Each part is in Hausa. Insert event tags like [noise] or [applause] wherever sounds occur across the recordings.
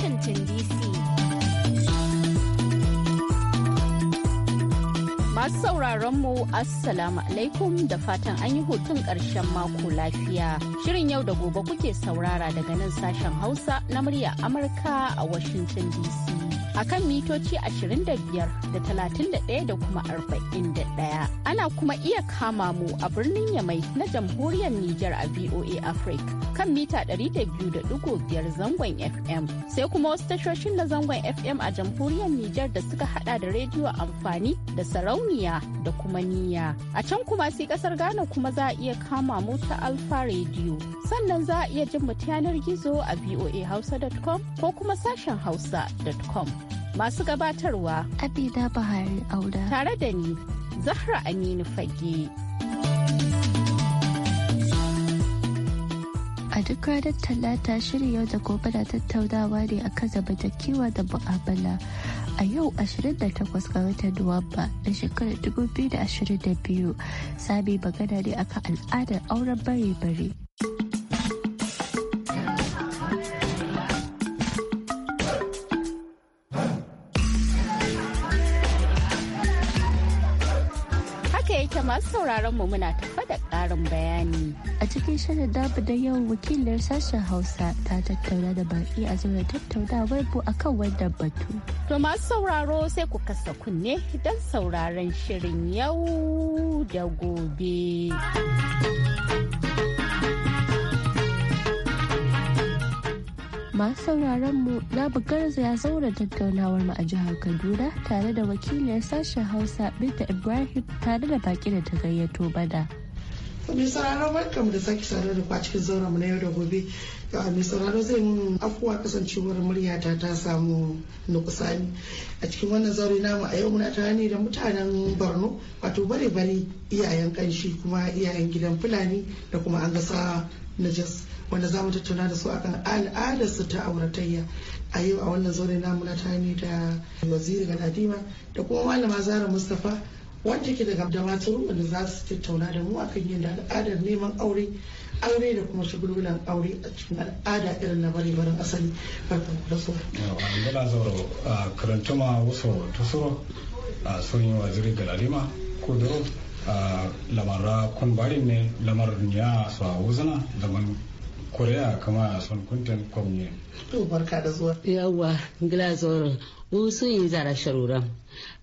Washington DC. Masu sauraron mu Assalamu alaikum da fatan an yi hutun ƙarshen mako lafiya. Shirin yau da gobe kuke saurara daga nan sashen Hausa na murya Amurka a Washington DC. A kan mitoci 25 da 31 da kuma 41. Ana kuma iya kama mu a birnin Yamai na jamhuriyar Nijar a VOA Africa. kan mita 200.5 zangon FM. Sai kuma wasu tashoshin na zangon FM a jamhuriyar Nijar da suka hada da rediyo amfani da sarauniya da kuma niya. A can kuma sai kasar Ghana kuma za a iya kama mu ta Alfa Radio. Sannan za a iya jin mu yanar gizo a voahausa.com ko kuma sashen hausa.com. Masu gabatarwa Abida Bahari Auda. Tare da ni, Zahra Aminu Fage. A duk ranar Talata shirin yau da gobe na tattaunawa ne a kan zamantakewa da mu'amala. A yau 28 ga watan Nuwamba na shekarar 2022 sami magana ne akan al'adar auren bare-bare. masu sauraron mu muna tafa da ƙarin bayani. A cikin shirin dabu da yau wakilar sashen Hausa ta tattauna da baki a zuwa tattaunawar bu kan wanda batu. To masu sauraro sai ku kasa kunne don sauraron shirin yau da gobe. masu sauraron mu zabu garzaya zaura tattaunawar mu a jihar kaduna tare da wakiliyar sashen hausa binta ibrahim tare da baki da ta gayyato bada mai sauraro barkam da sake sanar da kwa cikin zauren mu na yau da gobe ah, mai sauraro zai mun afuwa kasancewar murya ta samu nukusani a cikin wannan zaure namu a yau muna tare ne da mutanen borno wato bare bare iyayen kanshi kuma iyayen gidan fulani da kuma an najas wanda za mu tattauna da su akan al'adarsu ta auratayya a yau a wannan zaure namu ta tani da waziri ga nadima da kuma malama zara mustapha wanda ke daga damaturu wanda za su tattauna da mu akan yin da al'adar neman aure aure da kuma shagulgulan aure a cikin al'ada irin na bari barin asali barkan da su gana zauro karantuma wasu a sun yi waziri ga nadima ko da lamarra kun kunbarin ne lamar ya su a wuzana zaman korea kama son kuntin kwamne to barka da zuwa yawa glazor usun yi zara sharuran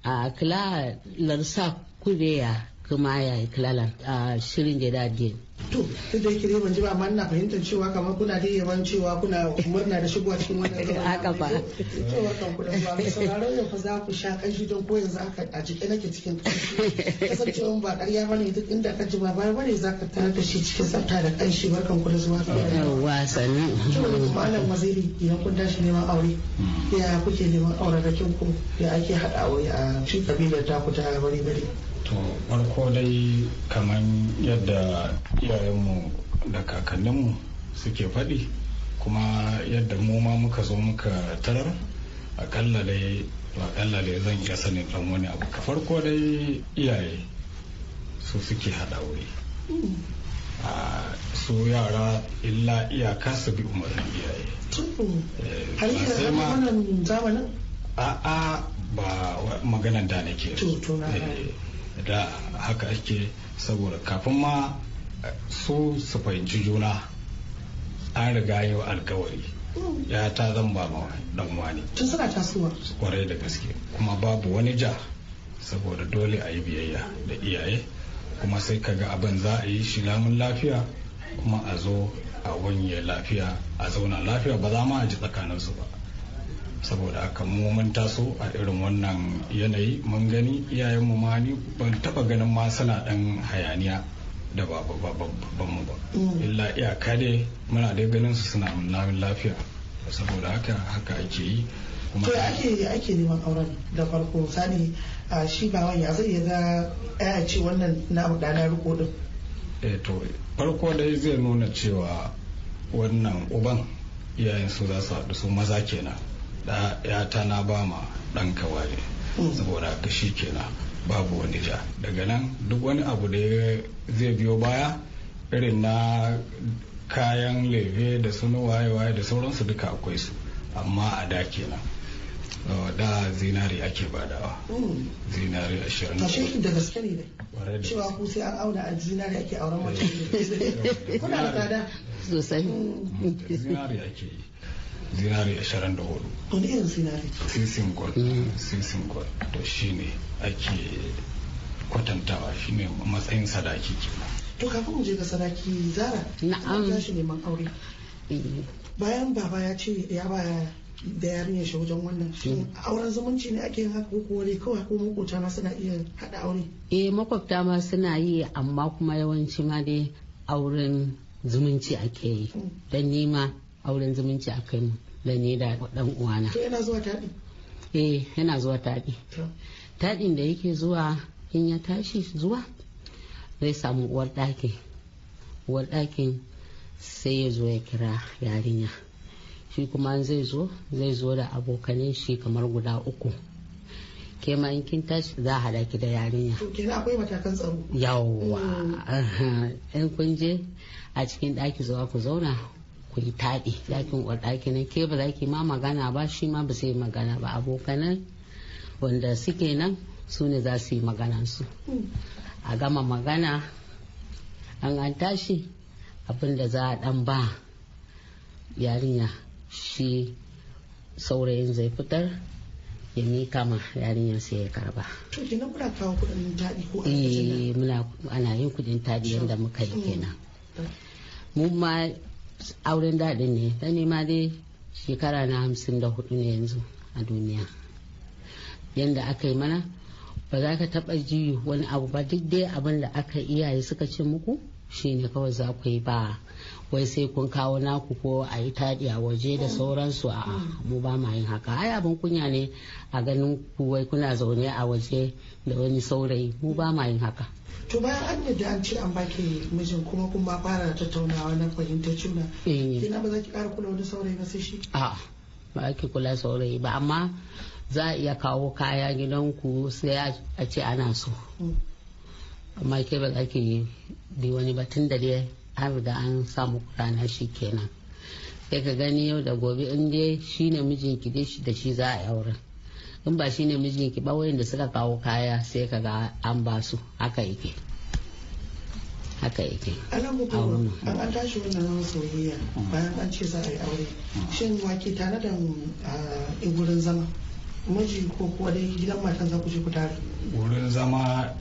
a kula larsa kubeya kuma ya yi kilalan a shirin da dadi to duk da kire ban ji ba amma ina fahimtar cewa kamar kuna da yawan cewa kuna murna da shigowa cikin wannan zama [laughs] haka ba cewa kan ku dan ba sauraron ne fa za ku sha kanshi don ko yanzu aka a jike nake cikin kasancewa ba ƙarya bane duk inda ka ji ba bai bane ka tarar da shi cikin tsafta da kan shi barkan ku da zuwa yawa sanin malam waziri idan kun tashi neman aure ya kuke neman aure da kinku ya ake haɗa aure a cikin kabilar ta ku ta bari bari to farko dai kamar yadda iyayenmu da kakanninmu suke faɗi kuma yadda mu ma muka zo muka tarar akalla dai akalla dai zan iya sani dan wani abu ka farko dai iyaye su suke haɗa wuri a su yara illa iyaka su bi umarnin iyaye eh, A yi a'a ba maganan da nake da haka ake saboda kafin ma su su fahimci juna an riga yau alkawari ya ta zan ba ma dan wani tun suna tasowa kwarai da gaske kuma babu wani ja saboda dole a yi biyayya da iyaye kuma sai kaga abin za a yi shi lamun lafiya kuma a zo a wanye lafiya a zauna lafiya ba za ma a ji tsakaninsu ba saboda haka mu mun taso a irin wannan yanayi mun gani iyayenmu ma ni ban taba ganin ma suna dan hayaniya da ba babban mu ba mm. illa iyaka ne muna dai ganin su suna namin lafiya saboda haka haka ake yi to ake ake neman auren da farko sani shi ba wani ya zai ga a ce wannan na dana riko din eh to farko dai zai nuna cewa wannan uban iyayen su za su haɗu su maza kenan ya ta na ba ma ɗan kawai hmm. saboda ka shi kenan babu wani ja daga nan duk wani abu da zai biyo baya irin na kayan leve da suna waye-waye da sauransu duka akwai su amma a da kenan da zinari ake badawa hmm. zinari ashirin da shi da gaske ne ne cewa ku sai an auna a zinari ake auren mutum eh. [laughs] kuna da tsada sosai hmm. zinari ake yi zinari 24 wani irin zinari sisin gold mm. sisin gold to shine ake kwatantawa shine matsayin sadaki to kafin mu je ga sadaki zara na'am ta shi neman aure eh. bayan baba ya ce ya ba da yarinya shi wajen wannan shi mm. auren zumunci ne ake haka ko kuwa kawai ko makwabta ma suna iya haɗa aure eh makwabta ma suna yi amma kuma yawanci ma dai auren zumunci ake yi mm. don nima auren zumunci a kai mu da ni da dan uwana yana zuwa taɗi eh yana zuwa taɗi taɗin da yake zuwa in ya tashi zuwa zai samu uwar ɗakin uwar ɗakin sai ya zo ya kira yarinya shi kuma zai zo zai zo da abokanin shi kamar guda uku ke ma in kin tashi za a haɗa ki da yarinya kenan akwai matakan tsaro yawwa mm. [laughs] in kun je a cikin ɗaki zuwa ku zauna ku yi taɗi ɗakin ɗaki nan ke ba za ki ma magana ba shi ma ba sai magana ba abokanan wanda suke nan su ne za su yi maganansu a gama magana an an tashi abin za a ɗan ba yarinya shi saurayin zai fitar ya mika kama yarinyar sai ya karba. Eh muna ana yin kudin taɗi yadda muka yi kenan. Mm. Mun ma auren daɗin ne ta nema dai shekara na hamsin da hudu ne yanzu a duniya yadda aka yi mana ba za ka taɓa ji wani abu ba duk dai abin da aka iyaye suka ce muku Shi ne kawai za ku yi ba wai sai kun kawo naku ko a yi taɗi a waje da sauransu a mu ba ma yin haka ai abin kunya ne a ganin ku wai kuna zaune a waje da wani saurayi mu ba ma yin haka to bayan an yadda an ce an baki mijin kuma kun fara fara tattaunawa na fahimtar juna eh. Ina ba za ki ƙara kula wani saurayi ba sai shi a ba ake kula saurayi ba amma za a iya kawo kaya gidanku sai a ce ana so mm. amma ke ba za ki bi wani ba tun da dai an riga an samu rana shi kenan sai ka gani yau da gobe in dai shi ne mijinki dai da shi za a yi in ba shi ne mijinki ba da suka kawo kaya sai ka ga an ba su haka yake haka yake an an tashi wannan zaman soyayya bayan an ce za a yi aure shin wake tare da in gurin zama miji ko kuwa dai gidan matan za ku je ku tare gurin zama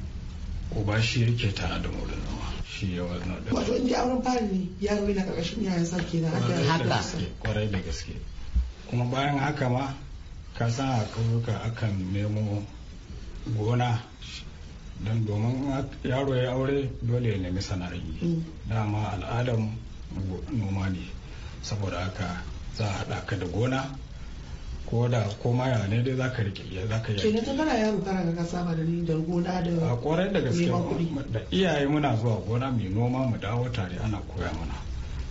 uba shi yake tana da murin nawa shi ya wannan da wato inda auren fari ne yaro yana karkashin yayan sa kenan haka kwarai da gaske kuma bayan haka ma ka san a ƙauyuka akan nemo gona don domin yaro ya aure dole ya nemi sanarin yi mm. dama al'adar noma ne saboda haka za a haɗa ka da gona ko da ko ma ya ne dai za ka rike ya ka yi kenan tun kana yaro kana ga kasa ba da ni da gona da a ƙorai da gaske da iyaye muna zuwa gona mai noma mu dawo tare ana koya mana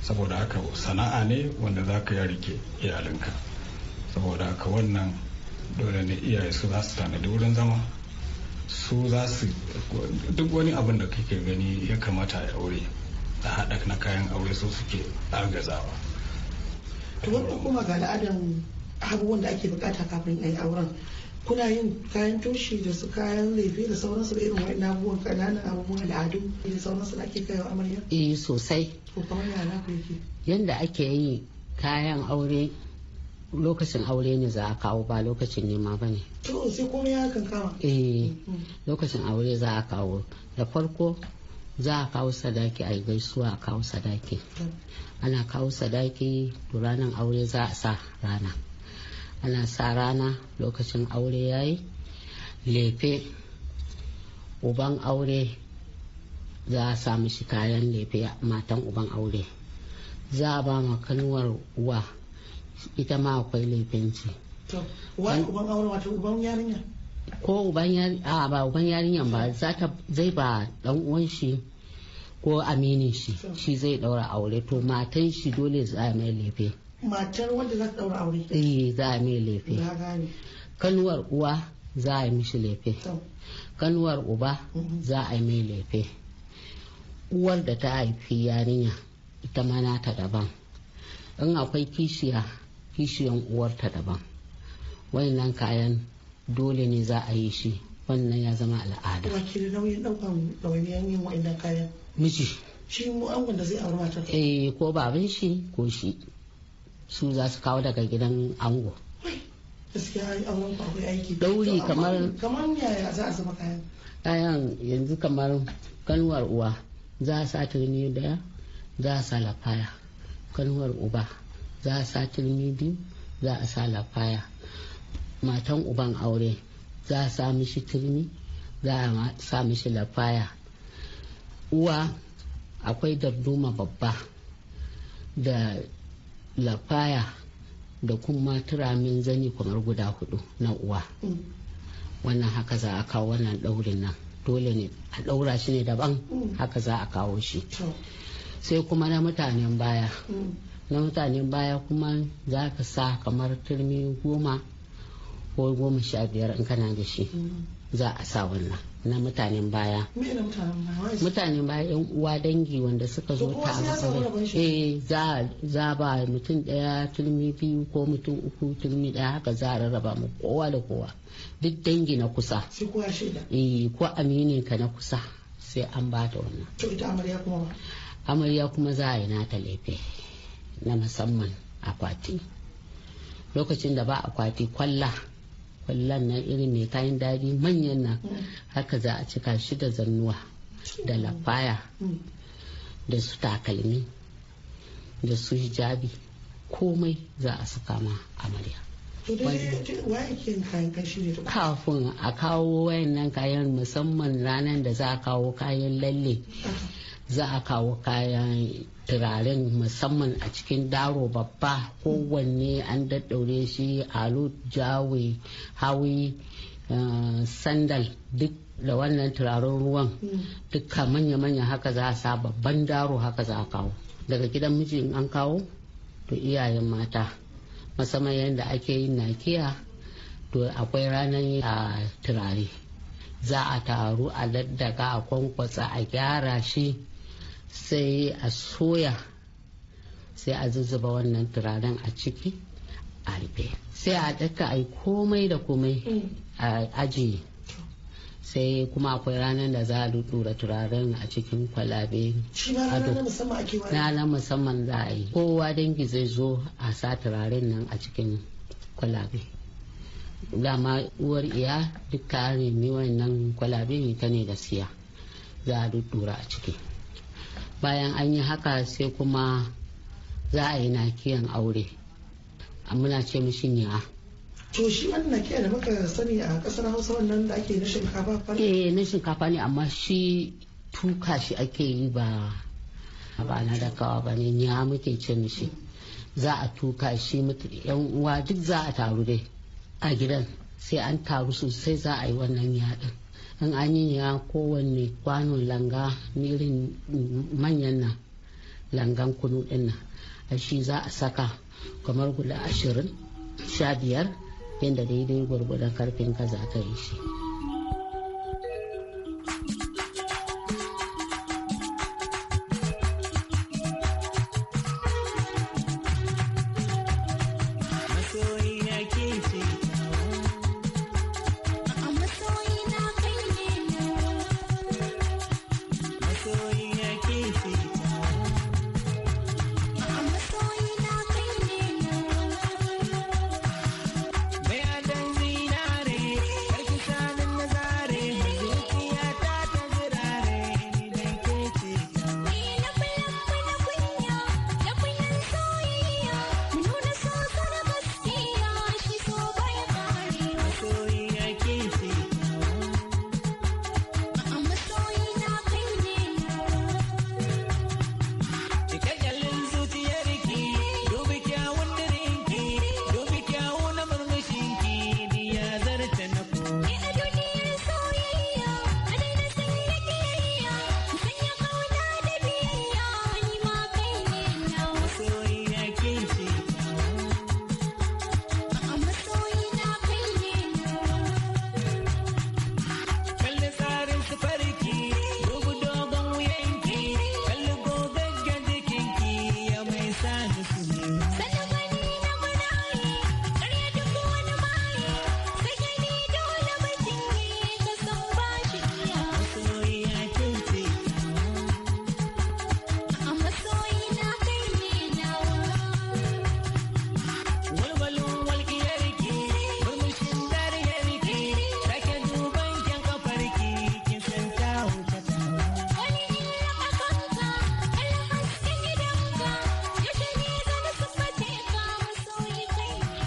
saboda haka sana'a ne wanda zaka ya rike iyalinka saboda haka wannan dole ne iyaye su za su tanadi wurin zama su za su duk wani abin da kake gani ya kamata ya aure da haɗa na kayan aure su suke agazawa Tuwon wanda kuma ga al'adan abubuwan da ake bukata kafin a yi auren kuna yin kayan toshi da su kayan lefe da sauransu da irin wa'in abubuwan kananan abubuwan al'adu da sauransu da ake kai wa amarya eh sosai ko kamar yana ku yake yanda ake yi kayan aure lokacin aure ne za a kawo ba lokacin nema ba ne. To sai komai ya kan kama. Eh mm. lokacin aure za a kawo da farko za a kawo sadaki a gaisuwa a kawo sadaki. Mm. Ana kawo sadaki ranar aure za a sa rana. ana sa rana lokacin aure ya yi lefe uban aure za a sa shi kayan lefe matan uban aure za a ba ma kanuwar uwa ita ma akwai lefenci ko uban yarinya ba uban yarinyar ba zai ba dan uwan shi ko aminin shi shi zai daura aure to matan shi dole za a mai lefe matar wanda za ta daura aure eh za a mai lefe kanuwar uwa za a yi mishi lefe kanuwar uba mhm. za a yi mai lefe uwar da ta haifi yarinya ita ma nata daban in akwai kishiya kishiyan ta daban wannan kayan dole ne za a yi shi wannan ya zama al'ada miji shi mu an wanda zai aure matar eh ko babin shi ko shi su za su kawo daga gidan ango dauri kamar kayan yanzu kamar kanuwar uwa za a sa turmi daya za a sa lafaya kanuwar uba za a sa turmi biyu za a sa lafaya matan uban aure za a sa mishi turmi za a sa mishi lafaya uwa akwai darduma babba da lafaya da kuma turamin zani kamar guda hudu na uwa mm. wannan haka za a kawo wannan daurin nan dole ne a daura shi ne daban mm. haka za a kawo shi sai kuma na mutanen baya mm. na mutanen baya kuma za ka sa kamar turmi goma ko goma sha biyar in kana da shi za a sa wannan na mutanen baya mutanen baya yan uwa dangi wanda suka zo ta eh za za ba mutum daya turmi biyu ko mutum uku turmi daya haka za a rarraba mu kowa da kowa duk dangi na kusa eh, ko aminin ka na kusa sai an ba ta wannan amarya kuma za a yi nata laifi na musamman akwati lokacin da ba akwati kwalla kwallon na irin mai kayan dadi manyan nan mm. haka za a cika shi da zannuwa da mm. lafaya mm. da su takalmi da su hijabi komai za a saka ma amarya kafin a kawo wayannan kayan musamman ranar da za a kawo kayan lalle ah. za a kawo kayan turaren musamman a cikin daro babba kowanne an daddaure shi alu jawi hawi eh, sandal duk da wannan turaren ruwan duka manya-manya haka za a sa babban daro haka za a kawo daga gidan mijin an kawo to iyayen mata musamman yadda ake yin nakiya to akwai ranar a turare za a taru a daddaka a kwankwasa a gyara shi sai a soya sai a zuzzuba wannan turaren a ciki a rufe sai a daka a yi komai da komai a ajiye sai kuma akwai ranar da za a dudura turaren a cikin kwalabe na musamman za a yi kowa dangi zai zo a sa turaren nan a cikin kwalabe dama uwar iya duk ne wannan kwalabe ta ne da siya za a dudura a ciki bayan an yi haka sai kuma za a yi nakiyan aure muna ce mishin ya to shi wannan nakiya da muka sani a kasar hausa wannan da ake na shinkafa fa eh na shinkafa ne amma shi tuka shi ake yi ba ba na kawa ba ne ya muke ce mishi za a tuka shi yan uwa duk za a taru dai a gidan sai an taru sosai za a yi wannan yaɗin an an yi ya kowanne kwanon langa nirin manyan nan langan kunu din nan a shi za a saka kamar guda ashirin sha biyar yadda daidai gwargwadon karfin ka za ka yi shi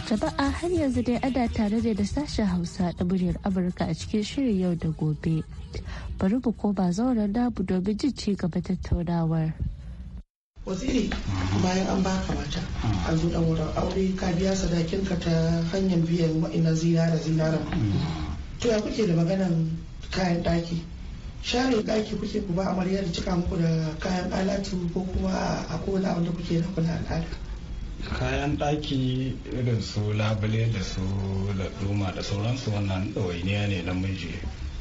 Jama'a har yanzu dai ada tare da sashen Hausa da muryar Amurka a cikin shirin yau da gobe. Bari mu koma zauren namu domin jin ci gaba tattaunawar. Waziri bayan an baka mata a zo da wurin aure ka biya sadakinka ta hanyar biyan wa'ina zinara zinara. To ya kuke da maganan kayan ɗaki? share daki kuke ku ba amaryar cika muku da kayan alatu ko kuma a kowane abin da kuke na kuna al'ada. kayan ɗaki irin su labule da su laɗuma da sauransu wannan ɗawainiya ne na miji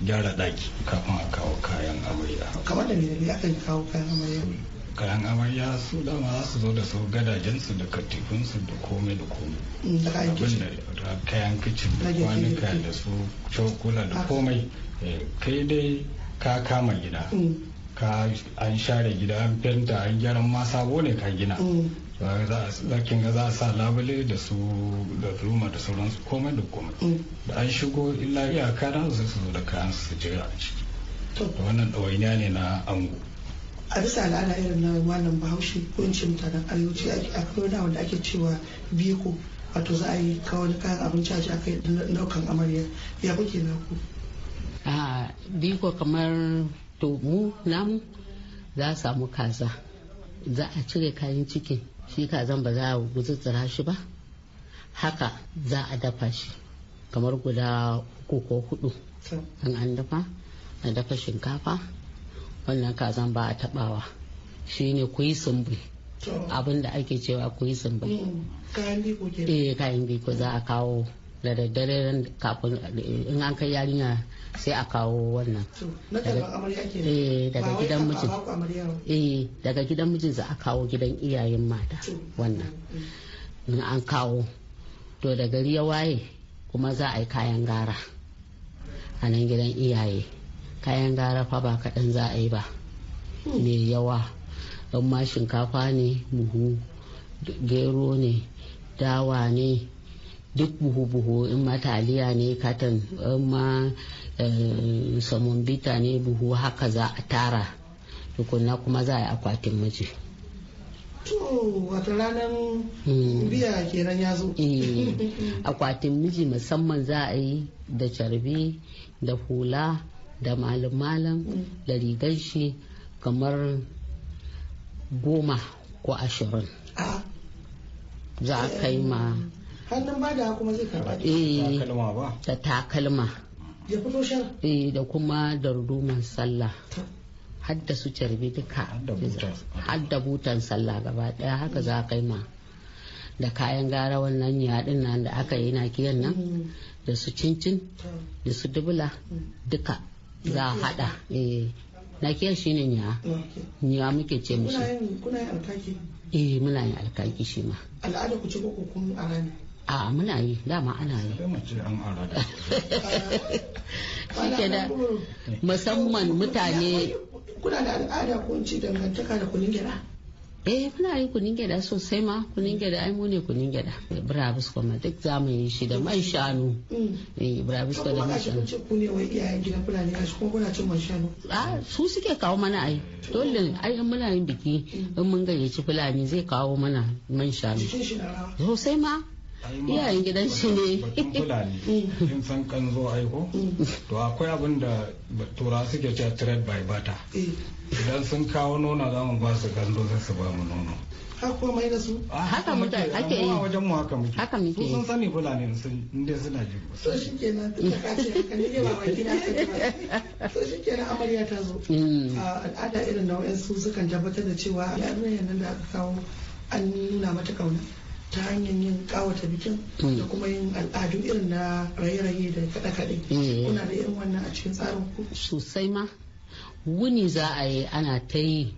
gyara ɗaki kafin a kawo kayan amarya kamar da ne akan kawo kayan amarya kayan amarya su dama za su zo da su gadajensu da katifinsu da komai da komai mm, da kayan kicin da kwanuka da su cokula da komai eh, kai dai ka kama gida mm. ka an share gida an fenta an gyaran ma sabo ne ka gina mm. kin ga za a sa labule da su da ruma da sauransu komai da komai mm. da an shigo illa iyaka na su su da kayan su jira a ciki da wannan ɗawainiya ne na ango a bisa al'ada irin na wannan bahaushe ko in ce mutanen arewaci akwai wani wanda ake cewa biko wato za a yi kawo da kayan abinci a ji aka yi daukan amarya ya kuke na ku a biko kamar to mu namu za a samu kaza za a cire kayan cikin shi kazan ba za a guzuzzura shi ba haka za a dafa shi kamar guda uku ko hudu in an dafa a dafa shinkafa wannan kazan ba a tabawa shi ne ku yi sumbi abin da ake cewa ku yi sumbi mm, eh, kayan biko za a kawo da daddare kafin eh, in an kai yarinya sai a kawo wannan eh, eh, daga gidan mijin za a kawo gidan iyayen mata wannan mm, mm. in an kawo to da gari ya waye kuma za a yi kayan gara a nan gidan iyaye kayan gara fa ba kaɗan za a yi ba mai hmm. yawa don ma shinkafa ne muhu gero ne dawa ne duk buhu-buhu in ma taliya ne katon in ma eh, samun bita ne buhu haka za a tara tukunna kuma za a yi akwatin miji wata ranar hmm. biya kenan ya zo eh, [laughs] akwatin miji musamman za a yi da carbi da hula da malam-malam hmm. da rigar shi kamar goma ko ashirin ah. za a kai ma hannun bada kuma zai da eh, takalma ba da takalma ya fito shan eh da kuma darduman sallah har da su carbi duka har da butan sallah gaba daya haka za a kai ma da kayan gara wannan yaɗin nan da aka yi na kiyan nan mm. da su cincin da su dubula mm. duka za a hada eh, na kiyan ne nya nya muke ce musu kuna yin alkaki eh muna yin alkaki shi ma al'ada ku ci ko kun rani a muna yi dama ana yi ke da [laughs] musamman mutane kuna da al'ada ko ci dangantaka da kunin gida eh muna yi kunin gida sosai ma kunin gida ai mu ne kunin gida brabus kuma duk za mu yi shi da man shanu mm. eh brabus da man shanu ku ne wai iyayen gida kuna ne shi kuma kuna cin man shanu a su suke kawo mana ai dole ai in muna yin biki in mun gayyaci fulani zai kawo mana man shanu sosai ma iyayen gidan shi ne batun fulani [laughs] mm. in san kan zo aiko mm. to akwai abin da tura suke cewa trade by bata mm. idan sun kawo nono za mu ba su gando sai su ba mu nono haka mai da su ah, haka mutane ake yi wajen mu haka muke haka muke sun sani fulani sun inda suna ji so shikenan duka kace kan ne ba wai kina so shikenan amarya ta zo A da irin nau'in su sukan tabbatar da cewa yarinyar nan da aka kawo an nuna mata kauna ta hanyar yin kawata bikin da mm. kuma yin al'adu irin na raye-raye da kaɗe-kaɗe mm. kuna da irin wannan a cikin tsarin ku sosai ma wuni za a yi ana ta yi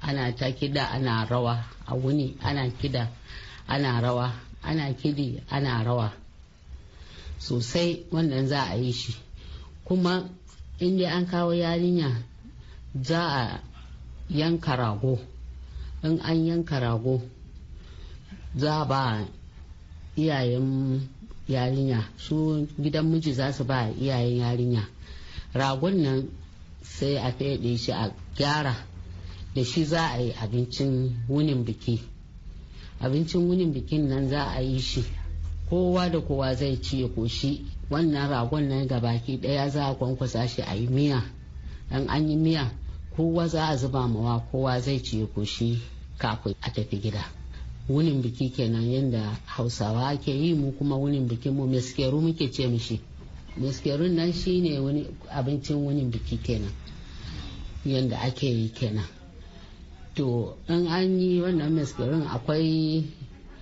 ana ta kida ana rawa a wuni ana kida ana rawa ana kidi ana rawa sosai wannan za a yi shi kuma inda an kawo yarinya za a yanka rago in an yanka rago za ba iyayen yarinya su gidan miji za su ba iyayen yarinya ragon nan sai a fede shi a gyara da shi za a yi abincin wunin biki abincin wunin bikin nan za a yi shi kowa da kowa zai ci ya koshi wannan ragon nan ga baki daya za a kwankwasa shi a yi miya dan an yi miya kowa za a zuba mawa kowa zai ci ya koshi kafin a tafi gida wunin biki kenan yadda hausawa ke yi mu kuma wunin bikin mu meskeru muke ce mishi meskeru nan shine wani abincin wunin biki kenan yadda ake yi kenan to in an yi wannan meskerun akwai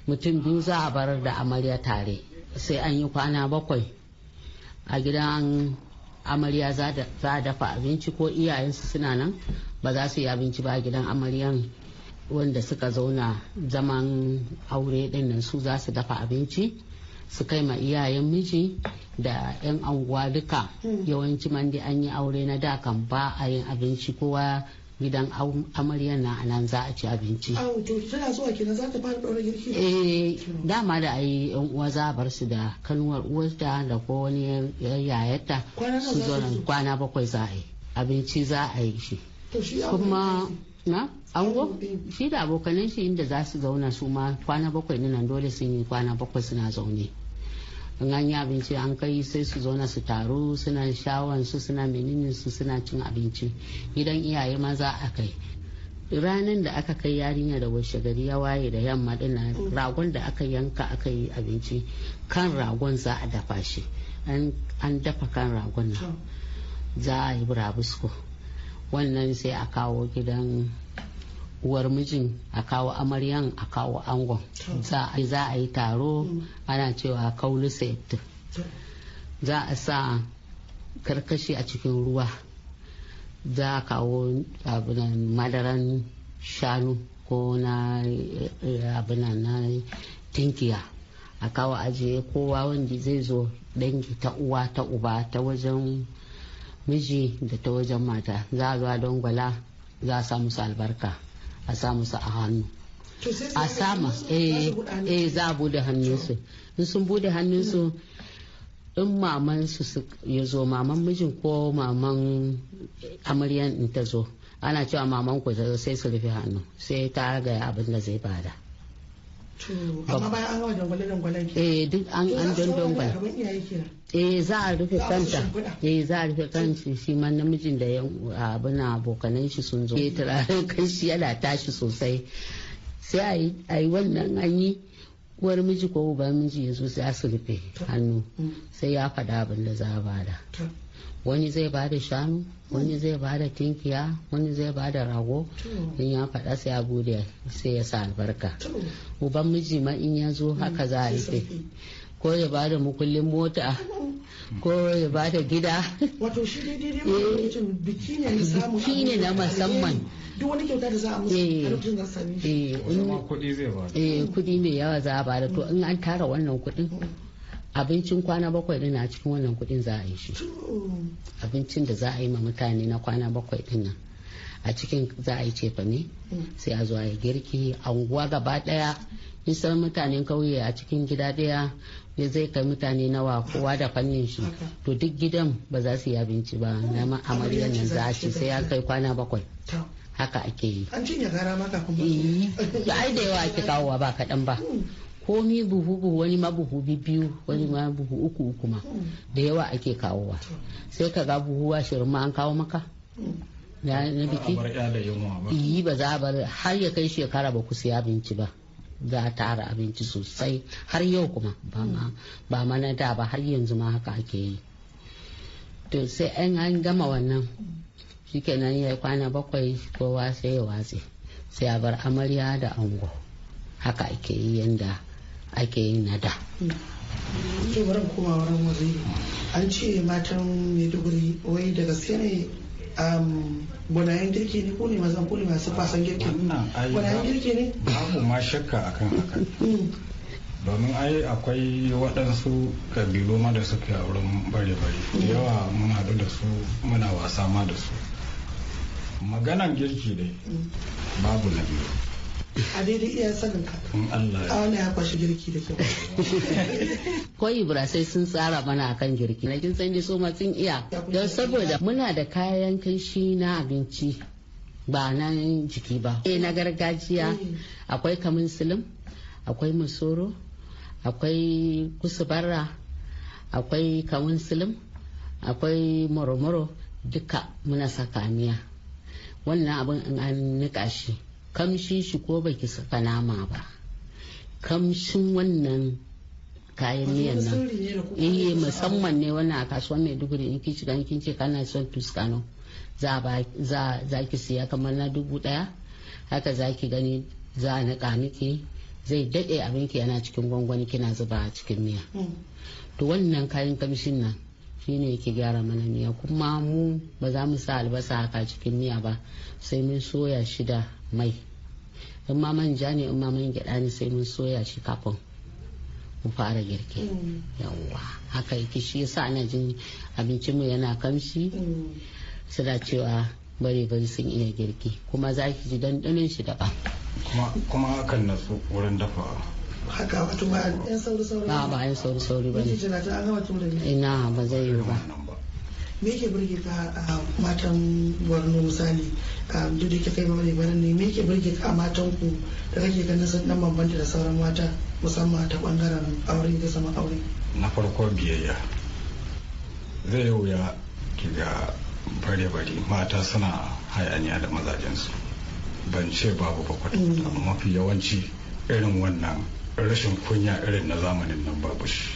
mutum biyu za a bar da amarya tare sai an yi kwana bakwai a gidan amarya za a dafa abinci ko iyayensu suna nan ba za su yi abinci ba a gidan amaryan wanda suka zauna zaman aure dinnan su za su dafa abinci su kai ma iyayen miji da 'yan anguwa duka hmm. yawanci man dai an yi aure na da kan ba a yin abinci kowa gidan amaryar na nan za a ci abinci. Eh dama da ayi yan uwa za a bar su da kanuwar uwarta da ko wani yayata su zo kwana bakwai za a yi abinci za a yi shi. Kuma na ango shi da abokanin shi inda za su zauna su ma kwana bakwai nan dole sun yi kwana bakwai suna zaune in an yi abinci an kai sai su zauna su taru suna shawon su suna menene su suna cin abinci gidan iyaye ma za a kai ranar da aka kai yarinya da washe gari ya waye da yamma dina ragon da aka yanka aka yi abinci kan ragon za a dafa shi an dafa kan ragon nan za a yi burabusko wannan sai a kawo gidan uwar mijin a kawo amaryan a kawo angon za a yi taro mm. ana cewa kaulu za a sa karkashi a cikin ruwa za a kawo madaran shanu ko na eh, eh, abinan na tinkiya a kawo ajiye kowa wanda zai zo dangi ta uwa ta uba ta wajen miji da ta wajen mata za a zuwa don gwala za a samu su albarka a samu su a hannu a sama eh, eh za a bude hannunsu in sun bude hannunsu in maman su ya zo maman mijin ko maman amaryan in ta zo ana cewa maman ku ta sai su rufe hannu sai ta gaya abin da zai bada amma bayan an gama dangwale dangwalen eh duk an an dangwale eh za a rufe kanta eh za a rufe kanta shi ma namijin da ya abin abokanan shi sun zo eh turaren kan shi yana tashi sosai sai a yi wannan an yi uwar miji ko uban miji ya zo sai a rufe hannu mm. sai ya faɗa abin da za a bada wani zai ba da shanu wani zai ba da tinkiya wani zai ba da rago in ya faɗa sai ya bude sai ya sa albarka uban miji ma in ya zo mm. haka za a yi ko ya ba da mukullin mota [laughs] ko ya ba da gida wato shi biki eh, ne biki ne na musamman duk wani kyauta da za a musu eh. eh, kuɗi mai yawa za a ba da to in an tara wannan kuɗin mm. abincin kwana bakwai din a cikin wannan kudin za a yi shi abincin da za a yi ma mutane na kwana bakwai din nan a cikin za a yi cefa ne sai a zo a yi girki anguwa gaba daya nisan mutanen kauye a cikin gida daya ne zai kai mutane nawa kowa da fannin shi to duk gidan ba za su yi abinci ba na amarya nan za a ce sai ya kai kwana bakwai haka ake yi an cinye gara maka kuma. ba eh, ai da yawa ake kawowa ba kaɗan ba hmm. komi buhu buhu wani ma buhu biyu wani ma buhu uku uku ma da yawa ake kawowa sai ka ga buhu ashirin ma an kawo maka na biki yi ba za a bar har ya kai shekara ba ku siya abinci ba za a tara abinci sosai har yau kuma ba ma na da ba har yanzu ma haka ake yi to sai an gama wannan shikenan ya kwana bakwai kowa sai ya watse sai a bar amarya da ango haka ake yi yanda ake yin na da ke barin kuma wani waziri an ce matan maiduguri wai daga sai ne bunayen um, girki ne ko ne mazan ko ne masu fasan girki bunayen girki ne babu ma shakka akan haka hmm. domin ai akwai waɗansu kabilu ma da suke a wurin bare-bare da hmm. yawa muna haɗu da su muna wasa ma da su maganan girki dai hmm. babu na biyu a daidai iya sanin ka wani ya kwashi girki da kyau [laughs] ko sun tsara mana kan girki na kin san so matsin iya don saboda muna da kayan kanshi na abinci ba na jiki ba eh na gargajiya mm. akwai kamun silim akwai Musoro akwai kusubarra akwai kamun silim akwai moromoro duka muna saka wannan abin an nika shi kamshin shi ko baki saka nama ba kamshin wannan kayan miyan nan eh, musamman ne wannan a kasuwar maiduguri in kin shiga kin ce kana son tuskano za ki siya kamar na dubu daya haka za ki gani za a niƙa miki zai daɗe abinki yana cikin gwangwani kina zuba a cikin miya hmm. to wannan kayan kamshin nan shine yake gyara mana miya kuma mu ba za mu sa albasa haka cikin miya ba sai mun soya shida mai in ma manja ne in ma man gyada ne sai mun soya shi kafin mu fara girki mm. yawwa haka yake shi yasa ana jin abincin mu yana kamshi mm. suna cewa bare bari sun iya girki kuma za ki ji dandanin shi ba. kuma hakan na su wurin dafa haka wato ba yan sauri sauri ba ba yan sauri sauri ba ne ina ba zai yi ba me ke burge ka a ah, matan borno misali duk da ke kai mai bana ne me ke burge ka matan ku da kake ganin sun dan bambanta da sauran mata musamman ta bangaren aure da sama aure na farko biyayya zai yi wuya kiga bare-bare mata suna hayaniya da mazajensu ban ce babu bakwai mm. amma mafi yawanci irin wannan rashin kunya irin na zamanin nan babu shi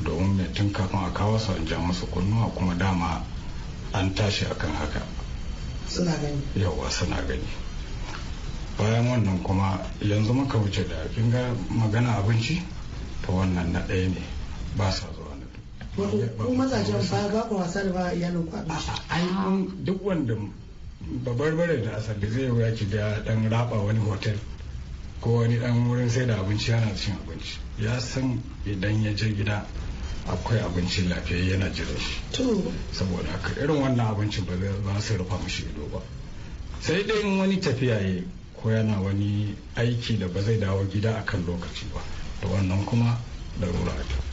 domin mai tun kafin a kawo su ja musu kunnuwa kuma dama an tashi akan haka suna gani yawa suna gani bayan wannan kuma yanzu muka wuce da kin ga magana abinci to wannan na ɗaya ne ba sa zuwa na biyu mazajen ba ba ku wasa da ba iyalin ku abinci ai duk wanda babarbare da asabi zai wuya ki ga dan raba wani hotel ko wani dan wurin sai da abinci yana cin abinci ya san idan ya je gida akwai abincin lafiya yana jiran shi saboda haka irin wannan abincin ba za su rufa mashi ido ba sai dai in wani tafiya ya ko yana wani aiki da ba zai dawo gida akan lokaci ba da wannan kuma larura ta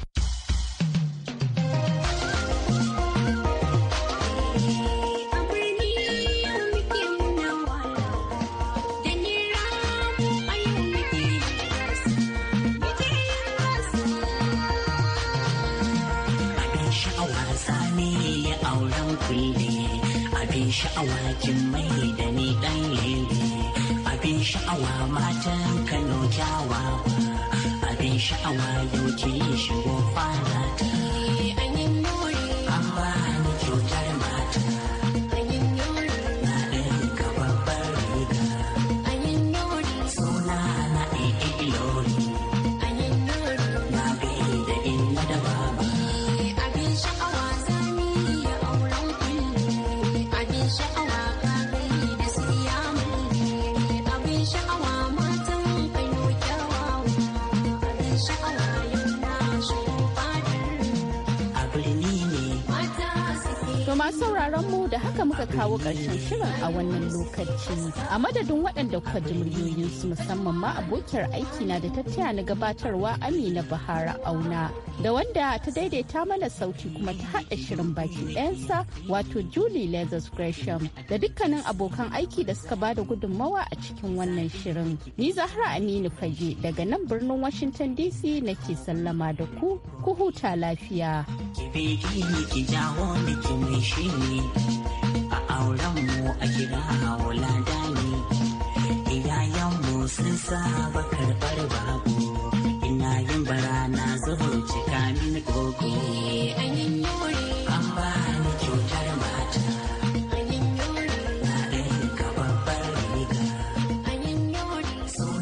sha'awa kin mai da ni dan lili abin sha'awa matan Kano kyawawa abin sha'awa yau ki shi masu sauraron mu da haka muka kawo ƙarshen shirin a wannan lokaci. A madadin waɗanda kuka ji su musamman ma abokiyar aikina da ta taya na gabatarwa Amina Bahara Auna. Da wanda ta daidaita mana sauti kuma ta haɗa shirin baki ɗayansa wato Julie Lazarus Gresham da dukkanin abokan aiki da suka ba da gudunmawa a cikin wannan shirin. Ni Zahra Aminu Fage daga nan birnin Washington DC nake sallama da ku, ku huta lafiya. shi ne a auren mu a kira haula dani iyayen mu sun saba karɓar babu ina yin bara na zuhurci kamin gogo eh,